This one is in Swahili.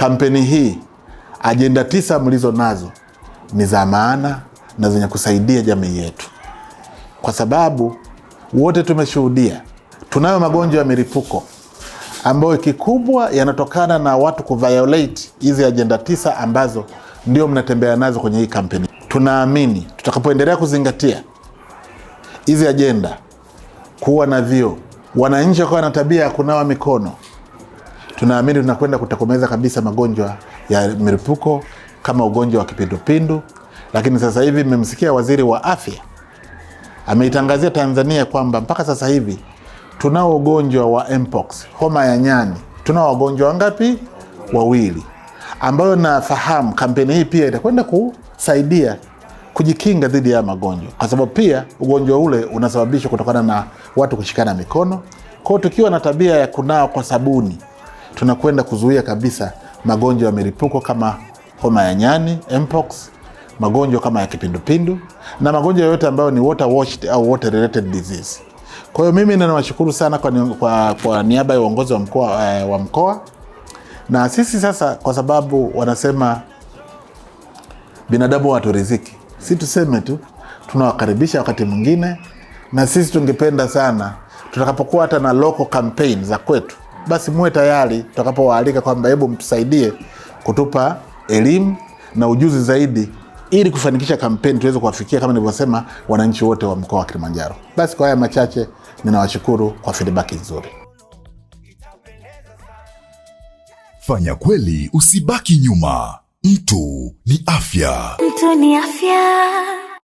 Kampeni hii ajenda tisa mlizo nazo ni za maana na zenye kusaidia jamii yetu, kwa sababu wote tumeshuhudia tunayo magonjwa ya milipuko ambayo kikubwa yanatokana na watu kuviolate hizi ajenda tisa ambazo ndio mnatembea nazo kwenye hii kampeni. Tunaamini tutakapoendelea kuzingatia hizi ajenda, kuwa na vyoo, wananchi wakawa na tabia ya kunawa mikono tunaamini tunakwenda kutokomeza kabisa magonjwa ya milipuko kama ugonjwa wa kipindupindu. Lakini sasa hivi mmemsikia waziri wa afya ameitangazia Tanzania kwamba mpaka sasa hivi tunao ugonjwa wa mpox, homa ya nyani, tunao wagonjwa wangapi? Wawili, ambayo nafahamu kampeni hii pia itakwenda kusaidia kujikinga dhidi ya magonjwa, kwa sababu pia ugonjwa ule unasababishwa kutokana na watu kushikana mikono. Kwa tukiwa na tabia ya kunawa kwa sabuni tunakwenda kuzuia kabisa magonjwa ya milipuko kama homa ya nyani mpox, magonjwa kama ya kipindupindu na magonjwa yoyote ambayo ni water washed au water related disease. Kwa hiyo mimi ninawashukuru sana kwa, ni, kwa, kwa niaba ya uongozi wa mkoa eh, wa mkoa na sisi sasa, kwa sababu wanasema binadamu watu riziki, si tuseme tu tunawakaribisha wakati mwingine, na sisi tungependa sana tutakapokuwa hata na local campaign za kwetu basi muwe tayari tutakapowaalika kwamba hebu mtusaidie kutupa elimu na ujuzi zaidi ili kufanikisha kampeni tuweze kuwafikia kama nilivyosema, wananchi wote wa mkoa wa Kilimanjaro. Basi kwa haya machache, ninawashukuru kwa feedback nzuri. Fanya kweli, usibaki nyuma. Mtu ni afya, mtu ni afya.